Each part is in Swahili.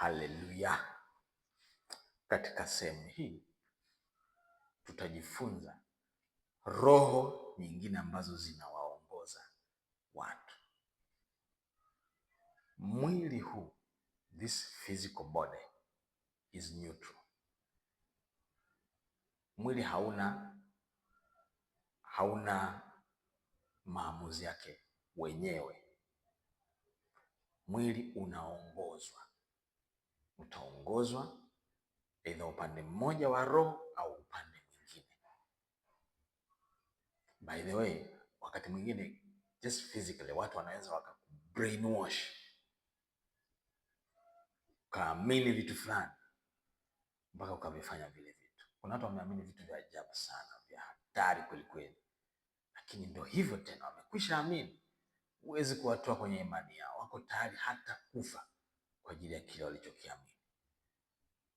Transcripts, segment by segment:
Haleluya! Katika sehemu hii tutajifunza roho nyingine ambazo zinawaongoza watu. Mwili huu, this physical body is neutral. Mwili hauna hauna maamuzi yake wenyewe, mwili unaongozwa utaongozwa aidha upande mmoja wa roho au upande mwingine. By the way, wakati mwingine just physically watu wanaweza waka brainwash ukaamini vitu fulani mpaka ukavifanya vile vitu. Kuna watu wameamini vitu vya ajabu sana vya hatari kwelikweli, lakini ndo hivyo tena, wamekwisha amini, huwezi kuwatoa kwenye imani yao, wako tayari hata kufa kwa ajili ya kile walichokiamini.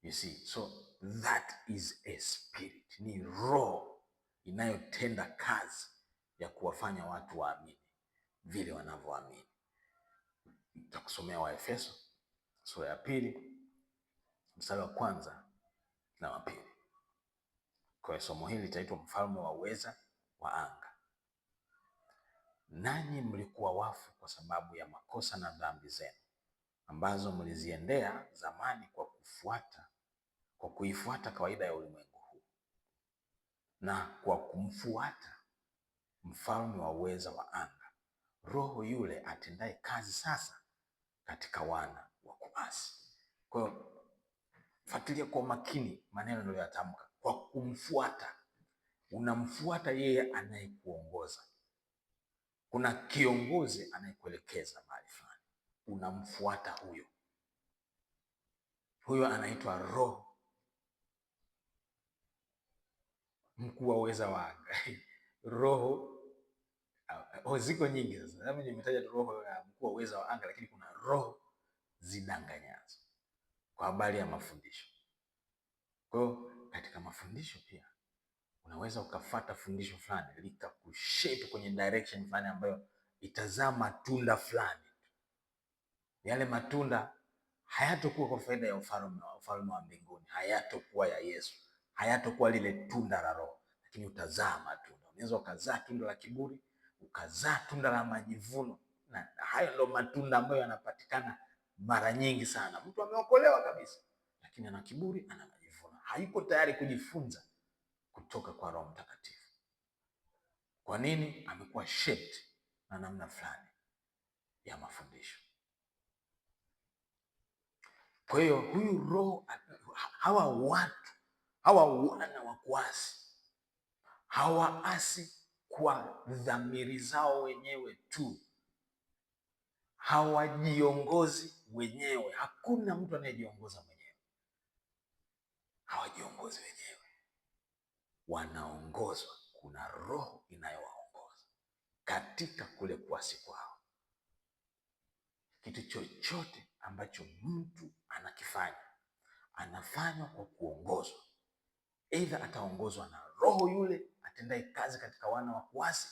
You see, so that is a spirit, ni roho inayotenda kazi ya kuwafanya watu waamini vile wanavyoamini. Nitakusomea Waefeso sura ya pili mstari wa kwanza na wa pili. Kwa hiyo somo hili litaitwa mfalme wa uweza wa anga. Nanyi mlikuwa wafu kwa sababu ya makosa na dhambi zenu ambazo mliziendea zamani kwa kufuata kwa kuifuata kawaida ya ulimwengu huu na kwa kumfuata mfalme wa uweza wa anga, roho yule atendaye kazi sasa katika wana wa kuasi. Kwa hiyo fuatilia kwa makini maneno niliyoyatamka, kwa kumfuata. Unamfuata yeye anayekuongoza. Kuna kiongozi anayekuelekeza mahali fulani, unamfuata huyo. Huyo anaitwa roho mkuu wa uweza wa anga roho o, oh, oh, ziko nyingi sasa. Mimi nimetaja tu roho ya mkuu wa uweza wa anga, lakini kuna roho zidanganyazo kwa habari ya mafundisho. Kwa hiyo katika mafundisho pia unaweza ukafata fundisho fulani likakushape kwenye direction fulani ambayo itazaa matunda fulani. Yale matunda hayatokuwa kwa faida ya ufalme wa mbinguni, hayatokuwa ya Yesu hayatakuwa lile tunda la Roho, lakini utazaa matunda. Unaweza ukazaa tunda la kiburi, ukazaa tunda la majivuno, na hayo ndio matunda ambayo yanapatikana mara nyingi sana. Mtu ameokolewa kabisa, lakini ana kiburi, ana majivuno, hayuko tayari kujifunza kutoka kwa Roho Mtakatifu. Kwa nini? Amekuwa shaped na namna fulani ya mafundisho. Kwa hiyo huyu roho, hawa watu hawa wana wa kuasi hawaasi kwa dhamiri zao wenyewe tu, hawajiongozi wenyewe. Hakuna mtu anayejiongoza mwenyewe, hawajiongozi wenyewe, wanaongozwa. Kuna roho inayowaongoza katika kule kuasi kwao. Kitu chochote ambacho mtu anakifanya anafanywa kwa kuongozwa. Aidha ataongozwa na roho yule atendaye kazi katika wana wa kuasi,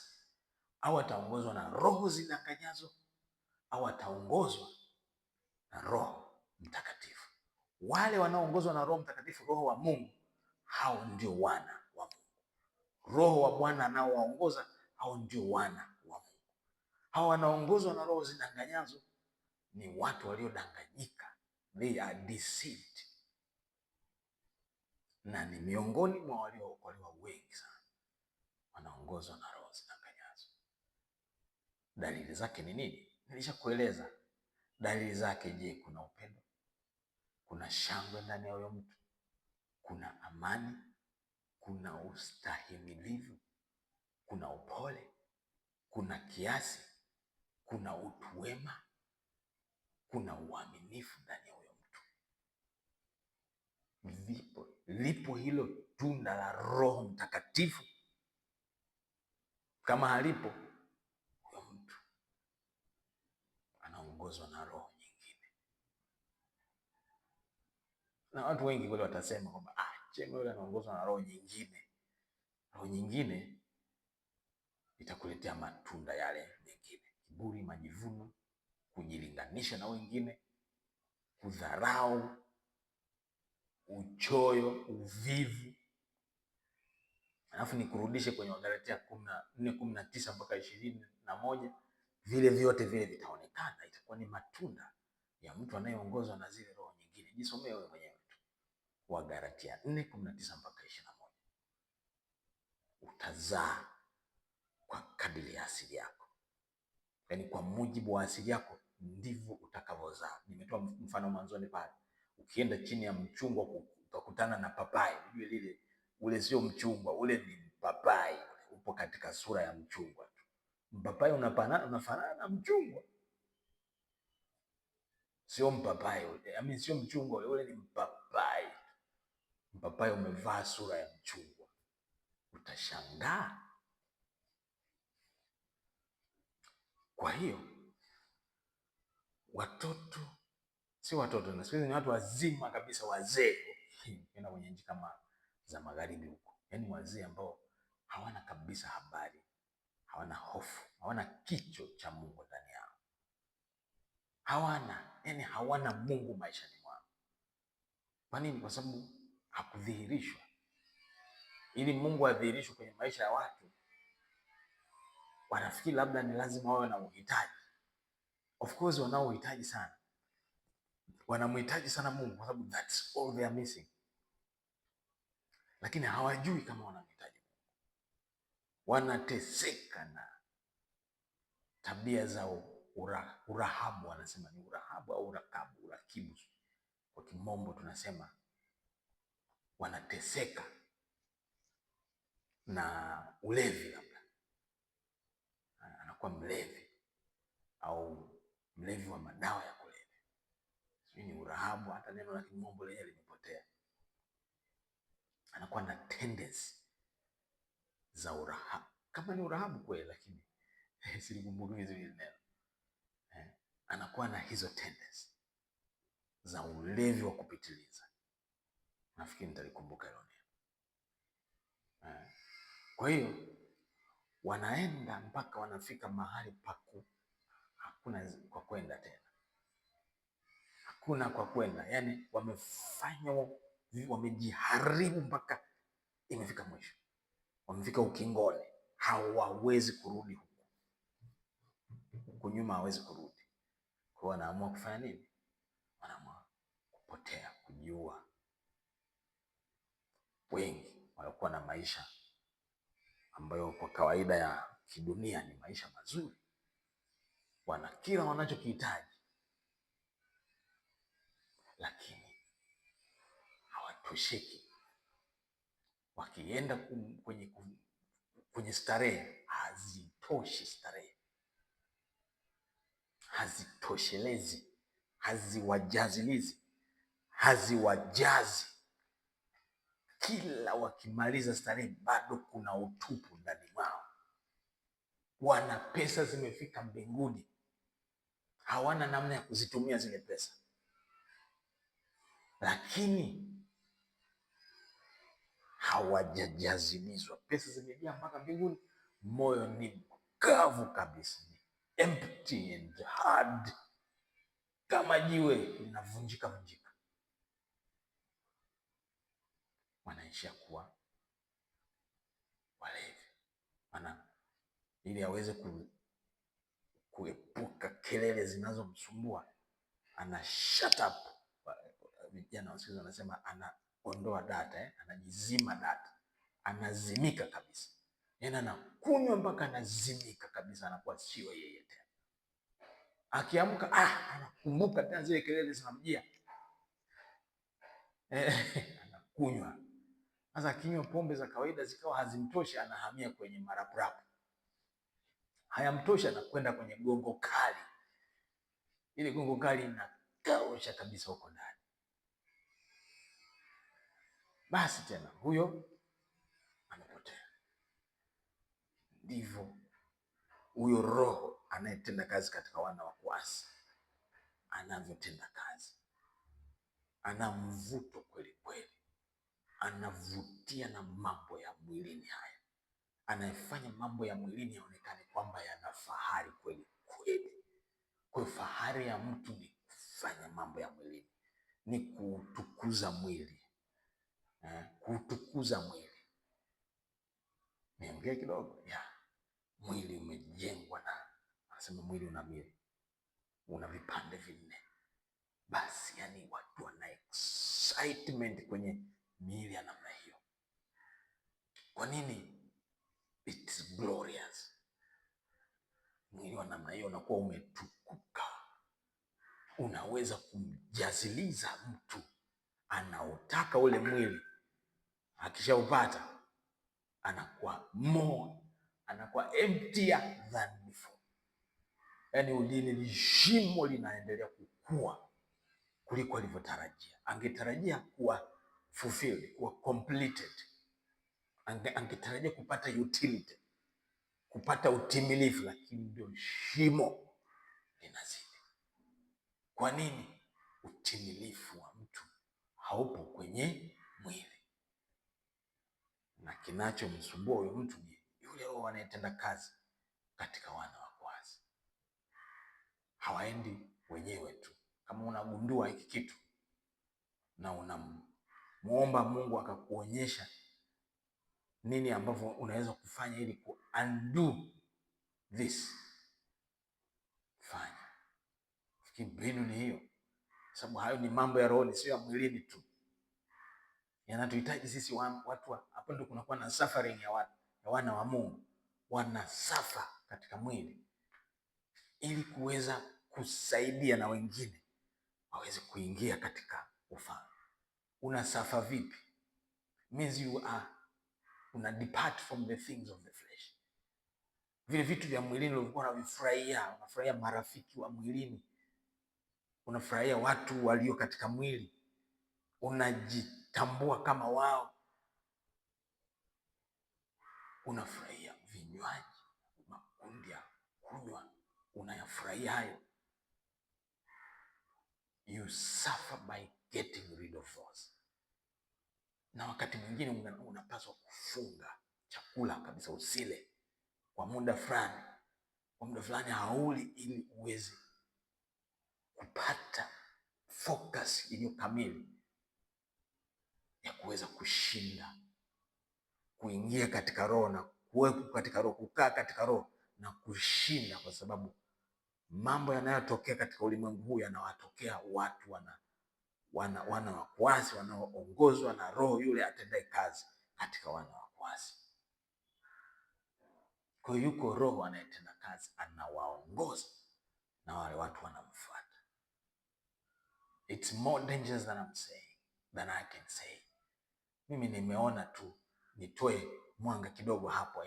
au ataongozwa na roho zidanganyazo, au ataongozwa na Roho Mtakatifu. Wale wanaoongozwa na Roho Mtakatifu, Roho wa Mungu, hao ndio wana wa Mungu. Roho wa Bwana anaowaongoza hao ndio wana wa Mungu. Hao wanaongozwa na roho zidanganyazo ni watu waliodanganyika, they are deceived na ni miongoni mwa waliookolewa wengi sana, wanaongozwa na roho zitanganyazo. Dalili zake ni nini? Nilishakueleza dalili zake. Je, kuna upendo? Kuna shangwe ndani ya huyo mtu? Kuna amani? Kuna ustahimilivu? Kuna upole? Kuna kiasi? Kuna utu wema? Kuna uaminifu ndani ya huyo mtu? Vipo lipo hilo tunda la Roho Mtakatifu? Kama halipo, huyo mtu anaongozwa na roho nyingine. Na watu wengi kweli watasema kwamba ah, cheme yule anaongozwa na roho nyingine. Roho nyingine itakuletea matunda yale mengine: kiburi, majivuno, kujilinganisha na wengine, kudharau uchoyo, uvivu, alafu nikurudishe kwenye Wagalatia kumi na nne kumi na tisa mpaka ishirini na moja vile vyote vile vitaonekana, itakuwa ni matunda ya mtu anayeongozwa na zile roho nyingine. Jisomee wewe mwenyewe tu Wagalatia nne kumi na tisa mpaka ishirini na moja utazaa kwa kadiri ya asili yako, yaani kwa mujibu wa asili yako ndivyo utakavyozaa. Nimetoa mfano mwanzoni pale Ukienda chini ya mchungwa utakutana na papai, ujue lile ule sio mchungwa, ule ni papai. upo katika sura ya mchungwa tu. Mpapai unafanana na mchungwa, sio mpapai ule, I mean sio mchungwa ule, ule ni mpapai. Mpapai umevaa sura ya mchungwa, utashangaa. Kwa hiyo watoto si watoto na siku hizi ni watu wazima kabisa, wazee kwenda kwenye nchi kama za magharibi huko, yaani wazee ambao hawana kabisa habari, hawana hofu, hawana kicho cha Mungu ndani yao, hawana yani, hawana Mungu maishani mwao. Kwa nini? Kwa sababu hakudhihirishwa. Ili Mungu adhihirishwe kwenye maisha ya watu, wanafikiri labda ni lazima wawe na uhitaji. Of course wanao uhitaji sana wanamhitaji sana Mungu kwa sababu that's all they are missing, lakini hawajui kama wanamhitaji Mungu. Wanateseka na tabia za ura, urahabu, wanasema ni urahabu au urakabu, urakibu kwa kimombo tunasema. Wanateseka na ulevi, labda anakuwa mlevi au mlevi wa madawa ya sijui ni urahabu, hata neno la kimombo lenyewe limepotea. Anakuwa na tendency za urahabu, kama ni urahabu kweli, lakini silikumbuki vizuri neno eh. Anakuwa na hizo tendency za ulevi wa kupitiliza, nafikiri nitalikumbuka hilo neno eh. Kwa hiyo wanaenda mpaka wanafika mahali paku hakuna kwa kwenda tena. Hakuna kwa kwenda, yani wamefanya wamejiharibu mpaka imefika mwisho, wamefika ukingoni, hawawezi kurudi huku, huku nyuma hawawezi kurudi. Kwa wanaamua kufanya nini? Wanaamua kupotea, kujiua. Wengi walikuwa na maisha ambayo kwa kawaida ya kidunia ni maisha mazuri, wana kila wanachokihitaji lakini hawatosheki. Wakienda kwenye, kwenye starehe hazitoshi, starehe hazitoshelezi, haziwajazilizi, haziwajazi. Kila wakimaliza starehe bado kuna utupu ndani mwao. Wana pesa zimefika mbinguni, hawana namna ya kuzitumia zile pesa lakini hawajajazilizwa. Pesa zimejaa mpaka mbinguni, moyo ni mkavu kabisa, ni empty and hard, kama jiwe linavunjika vunjika. Wanaishia kuwa walevi, maana ili aweze ku, kuepuka kelele zinazomsumbua ana shut up vijana wa siku hizi wanasema anaondoa data eh, anajizima data, anazimika kabisa, yaani anakunywa mpaka anazimika kabisa, anakuwa sio yeye tena. Akiamka ah, anakumbuka tena zile kelele zinamjia eh, anakunywa sasa. Akinywa pombe za kawaida zikawa hazimtoshi, anahamia kwenye marapurapu, hayamtoshi, anakwenda kwenye gongo kali. Ile gongo kali inakausha kabisa huko ndani. basi tena huyo amepotea. Ndivyo huyo roho anayetenda kazi katika wana wa kuasi anavyotenda kazi. Ana mvuto kweli kweli, anavutia na mambo ya mwilini haya, anayefanya mambo ya mwilini yaonekane kwamba yana fahari kweli kweli. Kwa fahari ya mtu ni kufanya mambo ya mwilini, ni kuutukuza mwili kutukuza mwili. Niongee kidogo ya mwili, umejengwa na anasema mwili una mili, una vipande vinne. Basi yani watu wana excitement kwenye miili ya namna hiyo. Kwa nini? It's glorious. Mwili wa namna hiyo unakuwa umetukuka, unaweza kumjaziliza mtu anaotaka ule mwili Akishaupata anakuwa more, anakuwa empty ya before, yaani lile shimo linaendelea kukua kuliko alivyotarajia. Angetarajia kuwa fulfilled, kuwa completed, angetarajia kupata utility, kupata utimilifu, lakini ndio shimo linazidi. Kwa nini? Utimilifu wa mtu haupo kwenye na kinachomsumbua huyo mtu ni yule roho anayetenda kazi katika wana wa kwazi Hawaendi wenyewe tu. Kama unagundua hiki kitu na unamuomba Mungu akakuonyesha nini ambavyo unaweza kufanya ili ku undo this, fanya. Fikiri mbinu ni hiyo, sababu hayo ni mambo ya roho, sio ya mwilini tu, yanatuhitaji sisi watu wa hapo ndo kunakuwa na suffering ya wana, ya wana wa Mungu wanasafa katika mwili ili kuweza kusaidia na wengine waweze kuingia katika ufalme. Unasafa vipi? Means you are una depart from the things of the flesh, vile vitu vya mwilini ulivyokuwa unavifurahia. Unafurahia marafiki wa mwilini, unafurahia watu walio katika mwili, unajitambua kama wao unafurahia vinywaji, makundi ya kunywa unayafurahia hayo. You suffer by getting rid of those. Na wakati mwingine unapaswa kufunga chakula kabisa, usile kwa muda fulani, kwa muda fulani hauli, ili uweze kupata focus iliyo kamili ya kuweza kushinda kuingia katika roho na kuwepo katika roho, kukaa katika roho na kushinda, kwa sababu mambo yanayotokea katika ulimwengu huu yanawatokea watu wana wana wana wakwasi wanaoongozwa na roho yule atendaye kazi katika wana wakwasi. Kwa yuko roho anayetenda kazi, anawaongoza na wale watu wanamfuata. It's more dangerous than I'm saying, than I can say. Mimi nimeona tu nitoe mwanga kidogo hapo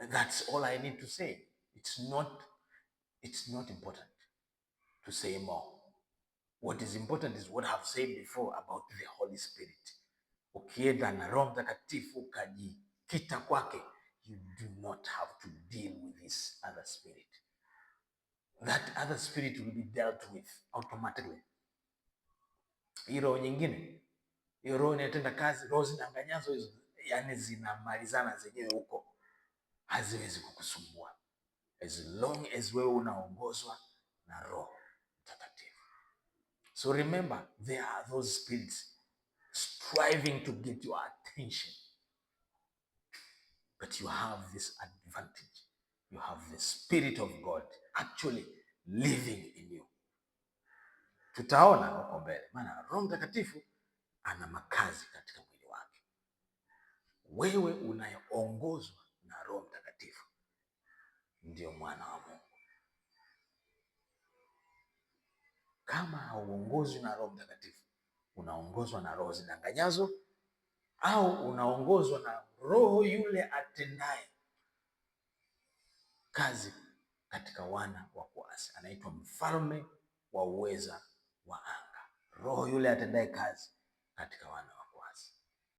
and that's all I need to say. It's not, it's not important to say more. What is important is what I've said before about the Holy Spirit. Ukienda na Roho Mtakatifu ukajikita kwake, you do not have to deal with this other spirit. That other spirit will be dealt with automatically. Hii roho nyingine, hiyo roho inatenda kazi, roho zinanganyazo hizo yani zinamalizana zenyewe huko, haziwezi kukusumbua as long as wewe unaongozwa na Roho Mtakatifu. So remember there are those spirits striving to get your attention but you have this advantage, you have the spirit of God actually living in you. Tutaona huko mbele, maana Roho Mtakatifu ana makazi katika wewe unayeongozwa na Roho Mtakatifu ndio mwana wa Mungu. Kama hauongozwi na Roho Mtakatifu, unaongozwa na roho zidanganyazo au unaongozwa na roho yule atendaye kazi katika wana wa kuasi, anaitwa mfalme wa uweza wa anga, roho yule atendaye kazi katika wana